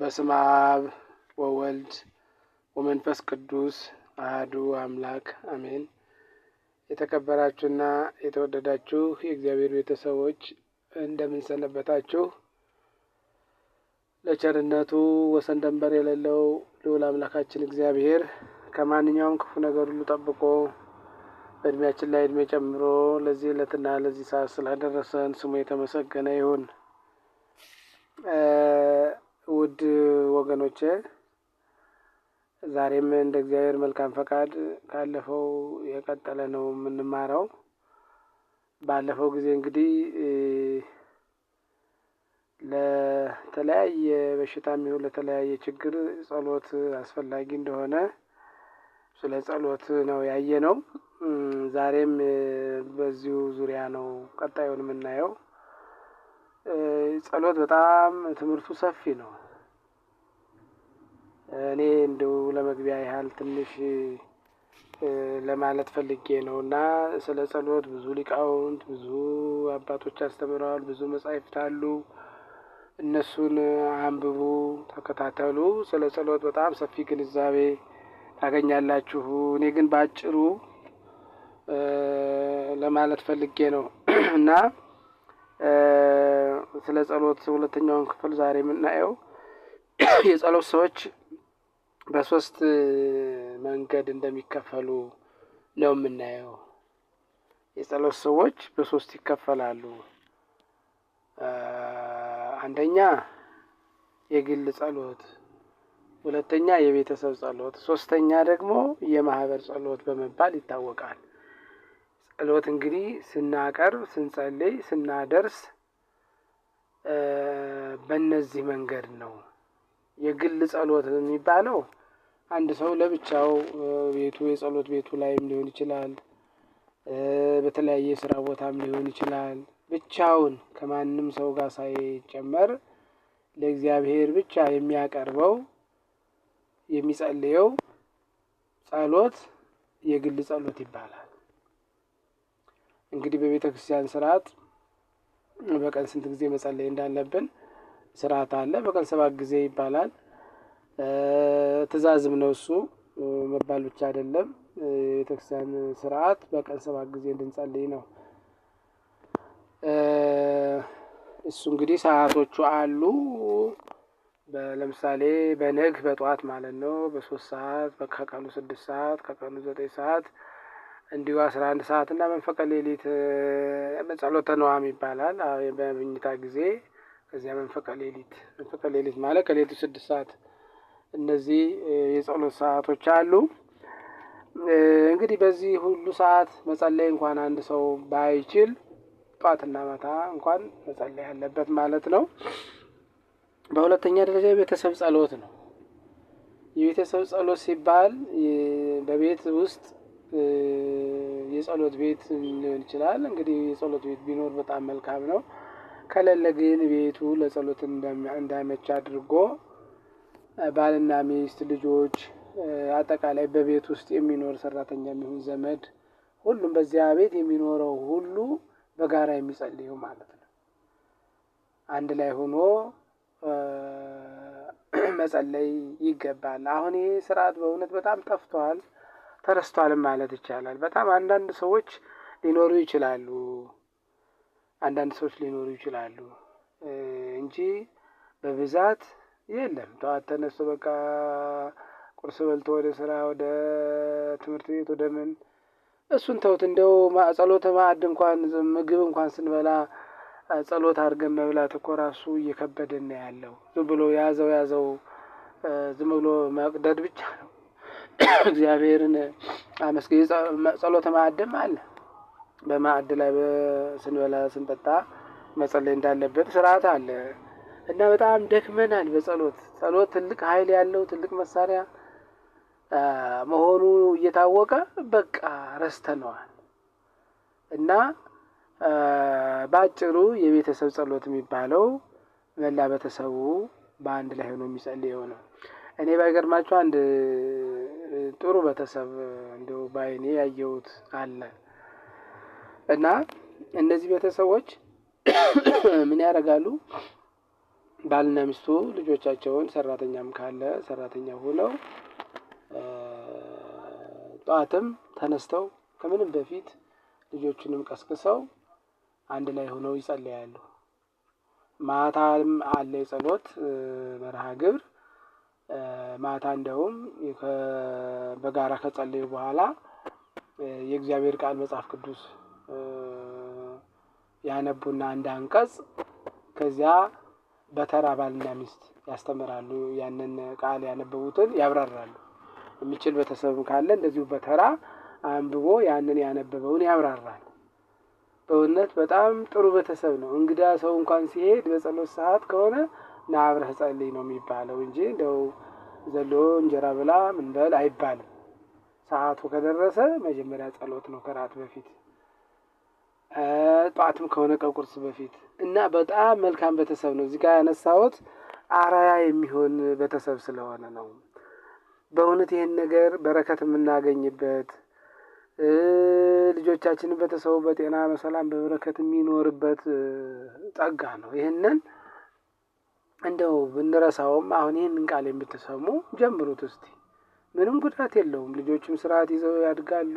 በስመ አብ ወወልድ ወመንፈስ ቅዱስ አህዱ አምላክ አሜን። የተከበራችሁና የተወደዳችሁ የእግዚአብሔር ቤተሰቦች እንደምን ሰነበታችሁ? ለቸርነቱ ወሰን ደንበር የሌለው ልዑል አምላካችን እግዚአብሔር ከማንኛውም ክፉ ነገር ሁሉ ጠብቆ በእድሜያችን ላይ እድሜ ጨምሮ ለዚህ ዕለትና ለዚህ ሰዓት ስላደረሰን ስሙ የተመሰገነ ይሁን። ውድ ወገኖቼ ዛሬም እንደ እግዚአብሔር መልካም ፈቃድ ካለፈው የቀጠለ ነው የምንማረው። ባለፈው ጊዜ እንግዲህ ለተለያየ በሽታ የሚሆን ለተለያየ ችግር ጸሎት አስፈላጊ እንደሆነ ስለ ጸሎት ነው ያየ ነው። ዛሬም በዚሁ ዙሪያ ነው ቀጣዩን የምናየው። ጸሎት በጣም ትምህርቱ ሰፊ ነው። እኔ እንደው ለመግቢያ ያህል ትንሽ ለማለት ፈልጌ ነው እና ስለ ጸሎት ብዙ ሊቃውንት ብዙ አባቶች አስተምረዋል። ብዙ መጻሕፍት አሉ። እነሱን አንብቡ፣ ተከታተሉ። ስለ ጸሎት በጣም ሰፊ ግንዛቤ ታገኛላችሁ። እኔ ግን በአጭሩ ለማለት ፈልጌ ነው እና ስለ ጸሎት ሁለተኛውን ክፍል ዛሬ የምናየው የጸሎት ሰዎች በሶስት መንገድ እንደሚከፈሉ ነው የምናየው። የጸሎት ሰዎች በሶስት ይከፈላሉ። አንደኛ የግል ጸሎት፣ ሁለተኛ የቤተሰብ ጸሎት፣ ሶስተኛ ደግሞ የማህበር ጸሎት በመባል ይታወቃል። ጸሎት እንግዲህ ስናቀርብ፣ ስንጸልይ፣ ስናደርስ በእነዚህ መንገድ ነው። የግል ጸሎት የሚባለው አንድ ሰው ለብቻው ቤቱ የጸሎት ቤቱ ላይም ሊሆን ይችላል። በተለያየ የስራ ቦታም ሊሆን ይችላል ብቻውን ከማንም ሰው ጋር ሳይጨመር ለእግዚአብሔር ብቻ የሚያቀርበው የሚጸልየው ጸሎት የግል ጸሎት ይባላል። እንግዲህ በቤተክርስቲያን ስርዓት በቀን ስንት ጊዜ መጸለይ እንዳለብን ስርዓት አለ። በቀን ሰባት ጊዜ ይባላል። ትእዛዝም ነው እሱ መባል ብቻ አይደለም። የቤተክርስቲያን ስርዓት በቀን ሰባት ጊዜ እንድንጸልይ ነው። እሱ እንግዲህ ሰዓቶቹ አሉ። ለምሳሌ በንግ በጠዋት ማለት ነው በሶስት ሰዓት ከቀኑ ስድስት ሰዓት ከቀኑ ዘጠኝ ሰዓት እንዲሁ አስራ አንድ ሰዓት እና መንፈቀ ሌሊት በጸሎተ ነዋም ይባላል በምኝታ ጊዜ። ከዚያ መንፈቀ ሌሊት መንፈቀ ሌሊት ማለት ከሌሊቱ ስድስት ሰዓት እነዚህ የጸሎት ሰዓቶች አሉ። እንግዲህ በዚህ ሁሉ ሰዓት መጸለይ እንኳን አንድ ሰው ባይችል ጧትና ማታ እንኳን መጸለይ ያለበት ማለት ነው። በሁለተኛ ደረጃ የቤተሰብ ጸሎት ነው። የቤተሰብ ጸሎት ሲባል በቤት ውስጥ የጸሎት ቤት ሊሆን ይችላል። እንግዲህ የጸሎት ቤት ቢኖር በጣም መልካም ነው። ከሌለ ግን ቤቱ ለጸሎት እንዳይመች አድርጎ ባልና ሚስት፣ ልጆች፣ አጠቃላይ በቤት ውስጥ የሚኖር ሰራተኛ የሚሆን ዘመድ፣ ሁሉም በዚያ ቤት የሚኖረው ሁሉ በጋራ የሚጸልዩ ማለት ነው። አንድ ላይ ሆኖ መጸለይ ይገባል። አሁን ይህ ስርዓት በእውነት በጣም ጠፍቷል። ተረስቷልም ማለት ይቻላል። በጣም አንዳንድ ሰዎች ሊኖሩ ይችላሉ አንዳንድ ሰዎች ሊኖሩ ይችላሉ እንጂ በብዛት የለም። ጠዋት ተነስቶ በቃ ቁርስ በልቶ ወደ ስራ፣ ወደ ትምህርት ቤት፣ ወደ ምን እሱን ተውት። እንደው ጸሎተ ማዕድ እንኳን ምግብ እንኳን ስንበላ ጸሎት አድርገን መብላት እኮ ራሱ እየከበደን ያለው ዝም ብሎ ያዘው ያዘው ዝም ብሎ መቅደድ ብቻ ነው። እግዚአብሔርን አመስገኝ። ጸሎተ ማዕድም አለ። በማዕድ ላይ ስንበላ ስንጠጣ መጸለይ እንዳለበት ስርዓት አለ እና በጣም ደክመናል በጸሎት። ጸሎት ትልቅ ኃይል ያለው ትልቅ መሳሪያ መሆኑ እየታወቀ በቃ ረስተነዋል እና በአጭሩ የቤተሰብ ጸሎት የሚባለው መላ ቤተሰቡ በአንድ ላይ ሆኖ የሚጸልየው ነው። እኔ ባይገርማችሁ አንድ ጥሩ ቤተሰብ እንዲሁ በአይኔ ያየሁት አለ እና እነዚህ ቤተሰቦች ምን ያደርጋሉ? ባልና ሚስቱ ልጆቻቸውን ሰራተኛም ካለ ሰራተኛ ሆነው ጠዋትም ተነስተው ከምንም በፊት ልጆቹንም ቀስቅሰው አንድ ላይ ሆነው ይጸለያሉ። ማታም አለ የጸሎት መርሃ ግብር። ማታ እንደውም በጋራ ከጸለዩ በኋላ የእግዚአብሔር ቃል መጽሐፍ ቅዱስ ያነቡና አንድ አንቀጽ ከዚያ በተራ ባልና ሚስት ያስተምራሉ። ያንን ቃል ያነበቡትን ያብራራሉ። የሚችል ቤተሰብ ካለ እንደዚሁ በተራ አንብቦ ያንን ያነበበውን ያብራራል። በእውነት በጣም ጥሩ ቤተሰብ ነው። እንግዳ ሰው እንኳን ሲሄድ በጸሎት ሰዓት ከሆነ ና አብረህ ጸልይ ነው የሚባለው እንጂ እንደው ዘሎ እንጀራ ብላ ምን በል አይባልም። ሰዓቱ ከደረሰ መጀመሪያ ጸሎት ነው ከራት በፊት ጠዋትም ከሆነ ከቁርስ በፊት እና በጣም መልካም ቤተሰብ ነው። እዚህ ጋር ያነሳሁት አራያ የሚሆን ቤተሰብ ስለሆነ ነው። በእውነት ይህን ነገር በረከት የምናገኝበት ልጆቻችንን ቤተሰቡ በጤና በሰላም በበረከት የሚኖርበት ጸጋ ነው። ይህንን እንደው ብንረሳውም አሁን ይህንን ቃል የምትሰሙ ጀምሩት እስቲ። ምንም ጉዳት የለውም። ልጆችም ስርዓት ይዘው ያድጋሉ።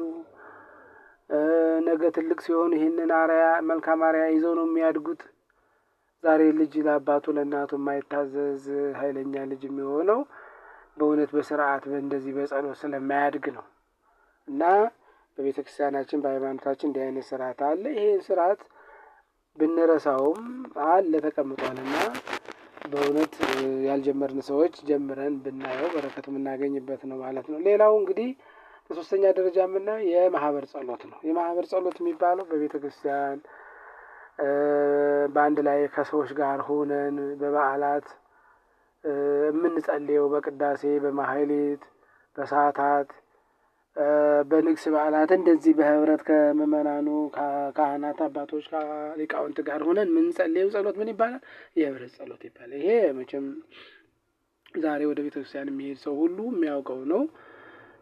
ነገ ትልቅ ሲሆኑ ይህንን አርያ መልካም አርያ ይዘው ነው የሚያድጉት። ዛሬ ልጅ ለአባቱ ለእናቱ የማይታዘዝ ኃይለኛ ልጅ የሚሆነው በእውነት በስርዓት በእንደዚህ በጸሎት ስለማያድግ ነው እና በቤተ ክርስቲያናችን በሃይማኖታችን እንዲህ አይነት ስርዓት አለ። ይህን ስርዓት ብንረሳውም አለ ተቀምጧልና በእውነት ያልጀመርን ሰዎች ጀምረን ብናየው በረከት የምናገኝበት ነው ማለት ነው። ሌላው እንግዲህ በሶስተኛ ደረጃ የምናየው የማህበር ጸሎት ነው። የማህበር ጸሎት የሚባለው በቤተ ክርስቲያን በአንድ ላይ ከሰዎች ጋር ሆነን በበዓላት የምንጸልየው በቅዳሴ፣ በማህሌት፣ በሰዓታት በንግስ በዓላት እንደዚህ በህብረት ከምእመናኑ ካህናት አባቶች ሊቃውንት ጋር ሆነን ምንጸልየው ጸሎት ምን ይባላል? የህብረት ጸሎት ይባላል። ይሄ መቼም ዛሬ ወደ ቤተክርስቲያን የሚሄድ ሰው ሁሉ የሚያውቀው ነው።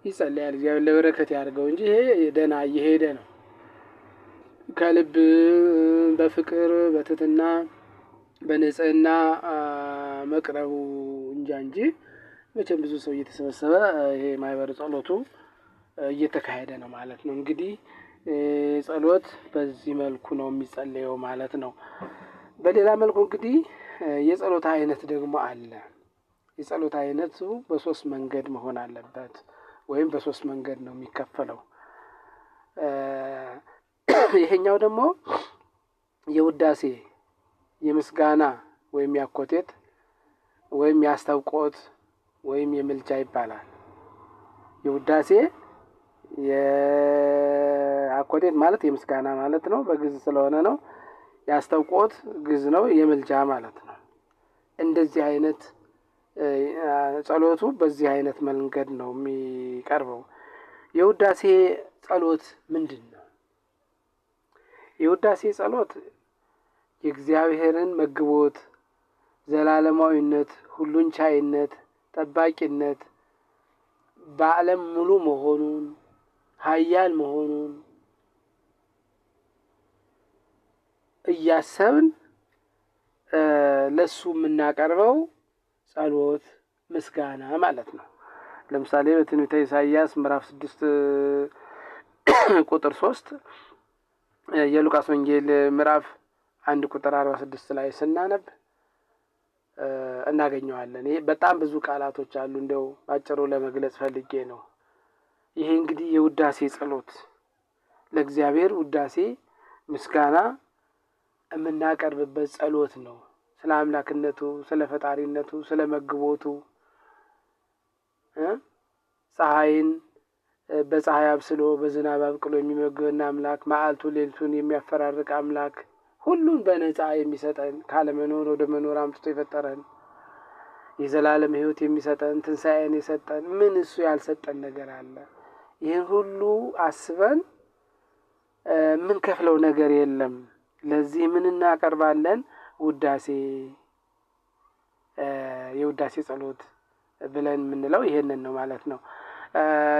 ይጸለያል፣ እግዚአብሔር ለበረከት ያድርገው እንጂ ይሄ ደህና እየሄደ ነው። ከልብ በፍቅር በትትና በንጽህና መቅረቡ እንጃ እንጂ መቼም ብዙ ሰው እየተሰበሰበ ይሄ ማህበር ጸሎቱ እየተካሄደ ነው ማለት ነው። እንግዲህ ጸሎት በዚህ መልኩ ነው የሚጸለየው ማለት ነው። በሌላ መልኩ እንግዲህ የጸሎት አይነት ደግሞ አለ። የጸሎት አይነቱ በሶስት መንገድ መሆን አለበት ወይም በሶስት መንገድ ነው የሚከፈለው። ይሄኛው ደግሞ የውዳሴ የምስጋና ወይም ያኮቴት ወይም ያስተውቆት ወይም የምልጃ ይባላል። የውዳሴ የአኮቴት ማለት የምስጋና ማለት ነው። በግዝ ስለሆነ ነው። ያስተውቆት ግዝ ነው፣ የምልጃ ማለት ነው። እንደዚህ አይነት ጸሎቱ በዚህ አይነት መንገድ ነው የሚቀርበው። የውዳሴ ጸሎት ምንድን ነው? የውዳሴ ጸሎት የእግዚአብሔርን መግቦት፣ ዘላለማዊነት፣ ሁሉን ቻይነት፣ ጠባቂነት፣ በዓለም ሙሉ መሆኑን ሀያል መሆኑን እያሰብን ለሱ የምናቀርበው ጸሎት ምስጋና ማለት ነው። ለምሳሌ በትንቢተ ኢሳያስ ምዕራፍ ስድስት ቁጥር ሶስት የሉቃስ ወንጌል ምዕራፍ አንድ ቁጥር አርባ ስድስት ላይ ስናነብ እናገኘዋለን። ይሄ በጣም ብዙ ቃላቶች አሉ። እንደው ባጭሩ ለመግለጽ ፈልጌ ነው። ይሄ እንግዲህ የውዳሴ ጸሎት ለእግዚአብሔር ውዳሴ ምስጋና የምናቀርብበት ጸሎት ነው። ስለ አምላክነቱ፣ ስለ ፈጣሪነቱ፣ ስለ መግቦቱ ፀሐይን በፀሐይ አብስሎ በዝናብ አብቅሎ የሚመግበን አምላክ፣ መዓልቱ ሌሊቱን የሚያፈራርቅ አምላክ፣ ሁሉን በነፃ የሚሰጠን ካለመኖር ወደ መኖር አምጥቶ የፈጠረን የዘላለም ሕይወት የሚሰጠን ትንሣኤን የሰጠን ምን እሱ ያልሰጠን ነገር አለ? ይህን ሁሉ አስበን የምንከፍለው ነገር የለም። ለዚህ ምን እናቀርባለን? ውዳሴ የውዳሴ ጸሎት ብለን የምንለው ይሄንን ነው ማለት ነው።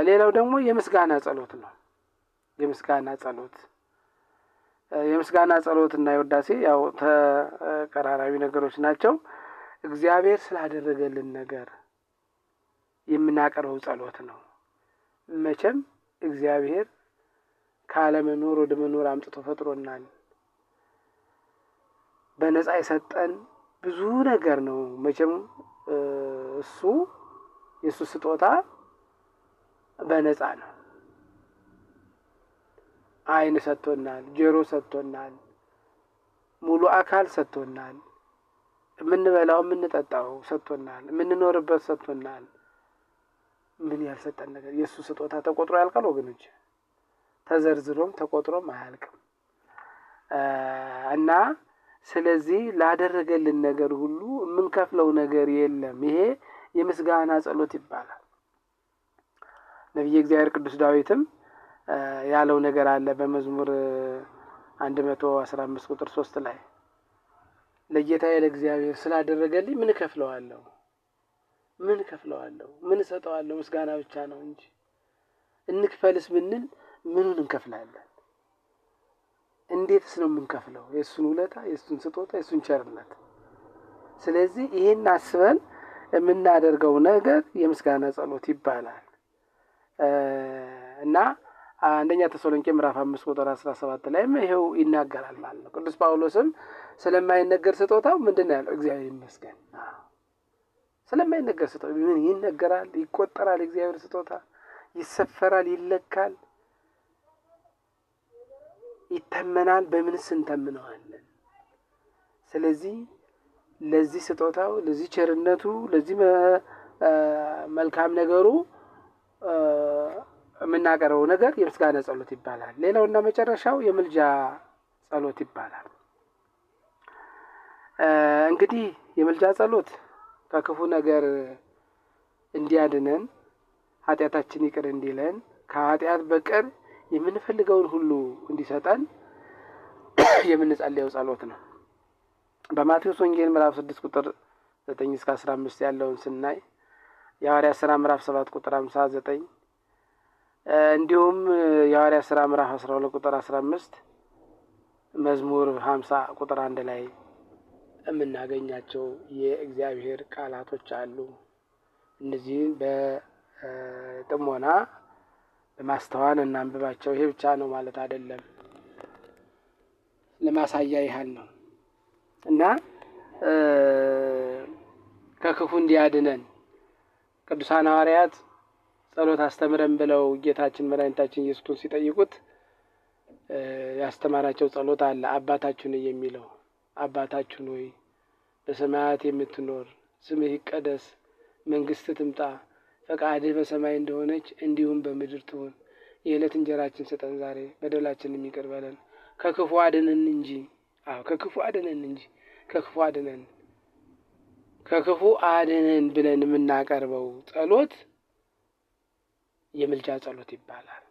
ሌላው ደግሞ የምስጋና ጸሎት ነው። የምስጋና ጸሎት የምስጋና ጸሎት እና የውዳሴ ያው ተቀራራቢ ነገሮች ናቸው። እግዚአብሔር ስላደረገልን ነገር የምናቀርበው ጸሎት ነው። መቼም እግዚአብሔር ካለመኖር ወደ መኖር አምጥቶ ፈጥሮናል። በነፃ የሰጠን ብዙ ነገር ነው። መቼም እሱ የእሱ ስጦታ በነፃ ነው። ዓይን ሰጥቶናል፣ ጆሮ ሰጥቶናል፣ ሙሉ አካል ሰጥቶናል፣ የምንበላው የምንጠጣው ሰጥቶናል፣ የምንኖርበት ሰጥቶናል። ምን ያልሰጠን ነገር የእሱ ስጦታ ተቆጥሮ ያልቃል ወገኖች፣ ተዘርዝሮም ተቆጥሮም አያልቅም እና ስለዚህ ላደረገልን ነገር ሁሉ የምንከፍለው ነገር የለም። ይሄ የምስጋና ጸሎት ይባላል። ነቢየ እግዚአብሔር ቅዱስ ዳዊትም ያለው ነገር አለ በመዝሙር አንድ መቶ አስራ አምስት ቁጥር ሶስት ላይ ለጌታዬ ለእግዚአብሔር ስላደረገልኝ ምን እከፍለዋለሁ ምን ከፍለዋለሁ? ምን እሰጠዋለሁ? ምስጋና ብቻ ነው እንጂ እንክፈልስ ብንል ምኑን እንከፍላለን? እንዴትስ ነው የምንከፍለው? የእሱን ውለታ፣ የእሱን ስጦታ፣ የእሱን ቸርነት። ስለዚህ ይሄን አስበን የምናደርገው ነገር የምስጋና ጸሎት ይባላል እና አንደኛ ተሰሎንቄ ምዕራፍ አምስት ቁጥር አስራ ሰባት ላይም ይኸው ይናገራል ማለት ነው። ቅዱስ ጳውሎስም ስለማይነገር ስጦታው ምንድን ነው ያለው? እግዚአብሔር ይመስገን ስለማይነገር ስጦታ ምን ይነገራል፣ ይቆጠራል፣ እግዚአብሔር ስጦታ ይሰፈራል፣ ይለካል፣ ይተመናል። በምንስ እንተምነዋለን? ስለዚህ ለዚህ ስጦታው፣ ለዚህ ቸርነቱ፣ ለዚህ መልካም ነገሩ የምናቀርበው ነገር የምስጋና ጸሎት ይባላል። ሌላውና መጨረሻው የምልጃ ጸሎት ይባላል። እንግዲህ የምልጃ ጸሎት ከክፉ ነገር እንዲያድነን ኃጢአታችን ይቅር እንዲለን ከኃጢአት በቀር የምንፈልገውን ሁሉ እንዲሰጠን የምንጸልየው ጸሎት ነው። በማቴዎስ ወንጌል ምዕራፍ ስድስት ቁጥር ዘጠኝ እስከ አስራ አምስት ያለውን ስናይ የሐዋርያ ስራ ምዕራፍ ሰባት ቁጥር ሃምሳ ዘጠኝ እንዲሁም የሐዋርያ ስራ ምዕራፍ አስራ ሁለት ቁጥር አስራ አምስት መዝሙር ሃምሳ ቁጥር አንድ ላይ የምናገኛቸው የእግዚአብሔር ቃላቶች አሉ። እነዚህን በጥሞና በማስተዋል እናንብባቸው። ይሄ ብቻ ነው ማለት አይደለም። ለማሳያ ያህል ነው እና ከክፉ እንዲያድነን ቅዱሳን ሐዋርያት ጸሎት አስተምረን ብለው ጌታችን መድኃኒታችን ኢየሱስን ሲጠይቁት ያስተማራቸው ጸሎት አለ። አባታችን የሚለው አባታችን ወይ በሰማያት የምትኖር ስምህ ይቀደስ፣ መንግስት ትምጣ፣ ፈቃድህ በሰማይ እንደሆነች እንዲሁም በምድር ትሁን። የዕለት እንጀራችን ስጠን ዛሬ፣ በደላችን ይቅር በለን ከክፉ አድነን እንጂ። አዎ ከክፉ አድነን እንጂ ከክፉ አድነን ከክፉ አድነን ብለን የምናቀርበው ጸሎት የምልጃ ጸሎት ይባላል።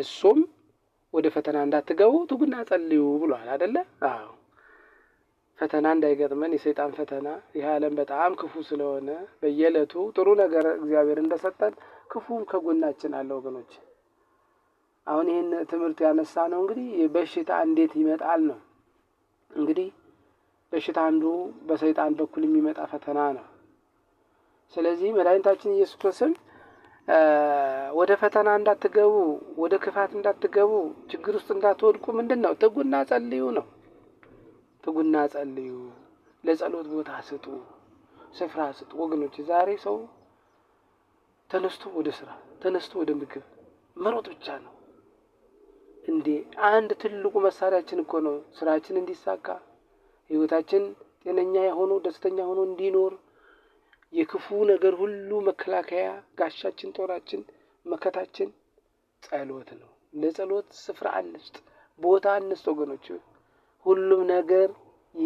እሱም ወደ ፈተና እንዳትገቡ ትጉና ጸልዩ ብሏል አደለ? አዎ ፈተና እንዳይገጥመን የሰይጣን ፈተና ይህ ዓለም በጣም ክፉ ስለሆነ በየዕለቱ ጥሩ ነገር እግዚአብሔር እንደሰጠን ክፉም ከጎናችን አለ ወገኖች። አሁን ይህን ትምህርት ያነሳ ነው እንግዲህ በሽታ እንዴት ይመጣል ነው። እንግዲህ በሽታ አንዱ በሰይጣን በኩል የሚመጣ ፈተና ነው። ስለዚህ መድኃኒታችን ኢየሱስ ክርስቶስም ወደ ፈተና እንዳትገቡ፣ ወደ ክፋት እንዳትገቡ፣ ችግር ውስጥ እንዳትወድቁ ምንድን ነው ትጉና ጸልዩ ነው። ትጉና ጸልዩ፣ ለጸሎት ቦታ ስጡ፣ ስፍራ ስጡ። ወገኖች ዛሬ ሰው ተነስቶ ወደ ስራ ተነስቶ ወደ ምግብ መሮጥ ብቻ ነው እንዴ! አንድ ትልቁ መሳሪያችን እኮ ነው ስራችን እንዲሳካ ህይወታችን ጤነኛ የሆኑ ደስተኛ ሆኖ እንዲኖር የክፉ ነገር ሁሉ መከላከያ ጋሻችን፣ ጦራችን፣ መከታችን ጸሎት ነው። ለጸሎት ስፍራ አንስጥ፣ ቦታ አንስጥ ወገኖች። ሁሉም ነገር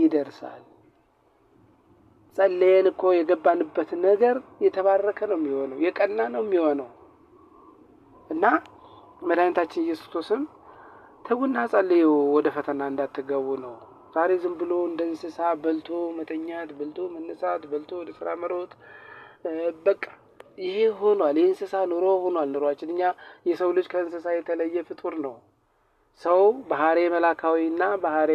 ይደርሳል። ጸለየን እኮ የገባንበት ነገር የተባረከ ነው የሚሆነው፣ የቀና ነው የሚሆነው እና መድኃኒታችን ኢየሱስ ክርስቶስም ተጉና ጸልዩ ወደ ፈተና እንዳትገቡ ነው። ዛሬ ዝም ብሎ እንደ እንስሳ በልቶ መተኛት፣ በልቶ መነሳት፣ በልቶ ወደ ስራ መሮጥ፣ በቃ ይሄ ሆኗል። የእንስሳ ኑሮ ሆኗል ኑሯችን። እኛ የሰው ልጅ ከእንስሳ የተለየ ፍጡር ነው። ሰው ባህሬ መላካዊና ባህሬ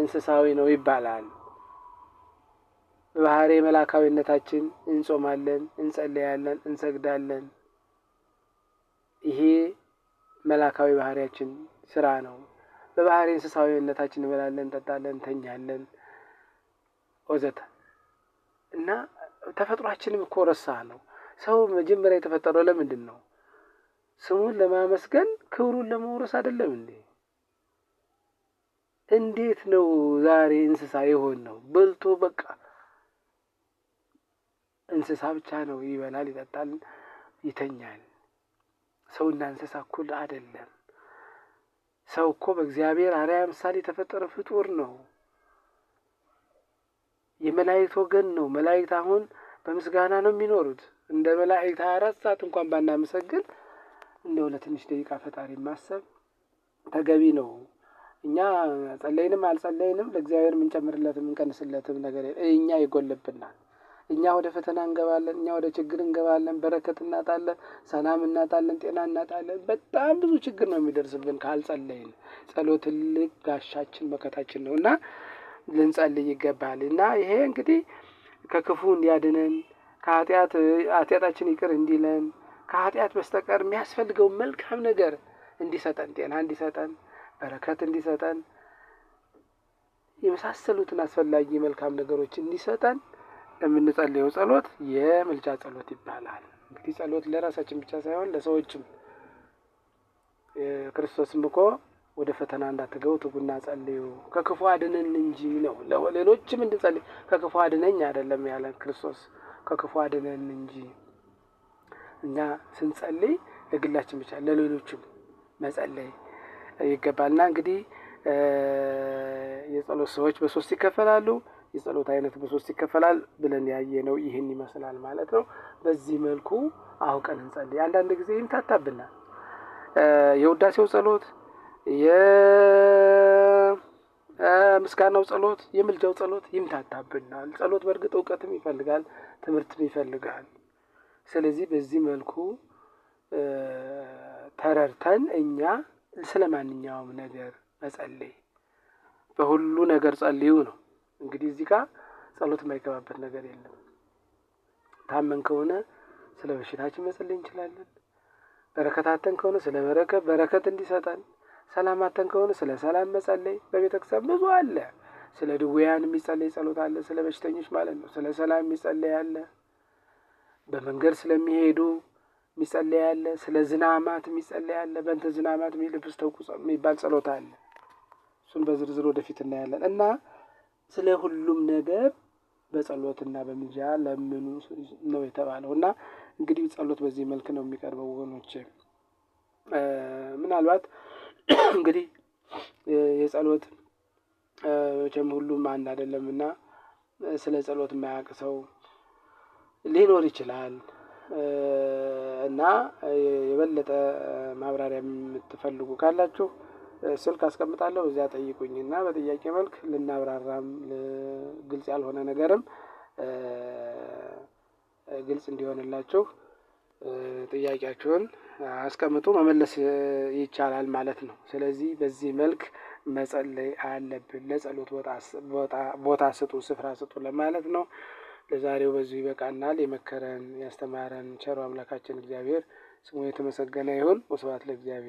እንስሳዊ ነው ይባላል። በባህሬ መላካዊነታችን እንጾማለን፣ እንጸለያለን፣ እንሰግዳለን። ይሄ መላካዊ ባህሪያችን ስራ ነው። በባህሬ እንስሳዊነታችን እንበላለን፣ እንጠጣለን፣ እንተኛለን ወዘተ እና ተፈጥሯችንም እኮ ረሳ ነው። ሰው መጀመሪያ የተፈጠረው ለምንድን ነው? ስሙን ለማመስገን ክብሩን ለመውረስ አይደለም እንዴ? እንዴት ነው ዛሬ እንስሳ የሆን ነው? በልቶ በቃ እንስሳ ብቻ ነው ይበላል፣ ይጠጣል፣ ይተኛል። ሰውና እንስሳ እኩል አይደለም። ሰው እኮ በእግዚአብሔር አርአያ ምሳሌ የተፈጠረ ፍጡር ነው። የመላእክት ወገን ነው። መላእክት አሁን በምስጋና ነው የሚኖሩት። እንደ መላእክት ሀያ አራት ሰዓት እንኳን ባናመሰግን እንደው ለትንሽ ደቂቃ ፈጣሪ ማሰብ ተገቢ ነው። እኛ ጸለይንም አልጸለይንም ለእግዚአብሔር የምንጨምርለትም የምንቀንስለትም ነገር እኛ ይጎልብናል። እኛ ወደ ፈተና እንገባለን፣ እኛ ወደ ችግር እንገባለን፣ በረከት እናጣለን፣ ሰላም እናጣለን፣ ጤና እናጣለን። በጣም ብዙ ችግር ነው የሚደርስብን ካልጸለይን። ጸሎት ትልቅ ጋሻችን መከታችን ነው እና ልንጸልይ ይገባል እና ይሄ እንግዲህ ከክፉ እንዲያድነን ከኃጢአት ኃጢአታችን ይቅር እንዲለን ከኃጢአት በስተቀር የሚያስፈልገው መልካም ነገር እንዲሰጠን፣ ጤና እንዲሰጠን፣ በረከት እንዲሰጠን፣ የመሳሰሉትን አስፈላጊ መልካም ነገሮች እንዲሰጠን የምንጸልየው ጸሎት የምልጃ ጸሎት ይባላል። እንግዲህ ጸሎት ለራሳችን ብቻ ሳይሆን ለሰዎችም ክርስቶስም እኮ ወደ ፈተና እንዳትገቡ ትጉና ጸልዩ ከክፉ አድነን እንጂ ነው። ሌሎችም እንድንጸልይ ከክፉ አድነኝ አይደለም ያለን ክርስቶስ ከክፉ አድነን እንጂ እኛ ስንጸልይ ለግላችን ብቻ ለሌሎችም መጸለይ ይገባልና እንግዲህ የጸሎት ሰዎች በሶስት ይከፈላሉ። የጸሎት አይነት በሶስት ይከፈላል ብለን ያየ ነው ይህን ይመስላል ማለት ነው። በዚህ መልኩ አውቀን እንጸልይ። አንዳንድ ጊዜ ይምታታብናል። የውዳሴው ጸሎት፣ የምስጋናው ጸሎት፣ የምልጃው ጸሎት ይምታታብናል። ጸሎት በእርግጥ እውቀትም ይፈልጋል፣ ትምህርትም ይፈልጋል። ስለዚህ በዚህ መልኩ ተረድተን እኛ ስለ ማንኛውም ነገር መጸለይ በሁሉ ነገር ጸልዩ ነው። እንግዲህ እዚህ ጋር ጸሎት የማይገባበት ነገር የለም። ታመን ከሆነ ስለ በሽታችን መጸለይ እንችላለን። በረከታተን ከሆነ ስለ በረከት በረከት እንዲሰጠን፣ ሰላማተን ከሆነ ስለ ሰላም መጸለይ በቤተ ብዙ አለ። ስለ ድውያን የሚጸለይ ጸሎት አለ። ስለ በሽተኞች ማለት ነው። ስለ ሰላም የሚጸለይ አለ። በመንገድ ስለሚሄዱ ሚጸለያለ ስለ ዝናማት ሚጸለያለ አለ። በእንተ ዝናማት ሚልብስ ተውቁ የሚባል ጸሎት አለ። እሱን በዝርዝር ወደፊት እናያለን እና ስለ ሁሉም ነገር በጸሎትና በምልጃ ለምኑ ነው የተባለው። እና እንግዲህ ጸሎት በዚህ መልክ ነው የሚቀርበው ወገኖች። ምናልባት እንግዲህ የጸሎት መቼም ሁሉም አንድ አይደለም እና ስለ ጸሎት የማያውቅ ሰው ሊኖር ይችላል። እና የበለጠ ማብራሪያ የምትፈልጉ ካላችሁ ስልክ አስቀምጣለሁ እዚያ ጠይቁኝና በጥያቄ መልክ ልናብራራም ግልጽ ያልሆነ ነገርም ግልጽ እንዲሆንላችሁ ጥያቄያችሁን አስቀምጡ መመለስ ይቻላል ማለት ነው። ስለዚህ በዚህ መልክ መጸለይ አለብን። ለጸሎት ቦታ ስጡ፣ ስፍራ ስጡ ለማለት ነው። ለዛሬው በዚሁ ይበቃናል። የመከረን ያስተማረን ቸሩ አምላካችን እግዚአብሔር ስሙ የተመሰገነ ይሁን። ወስብሐት ለእግዚአብሔር።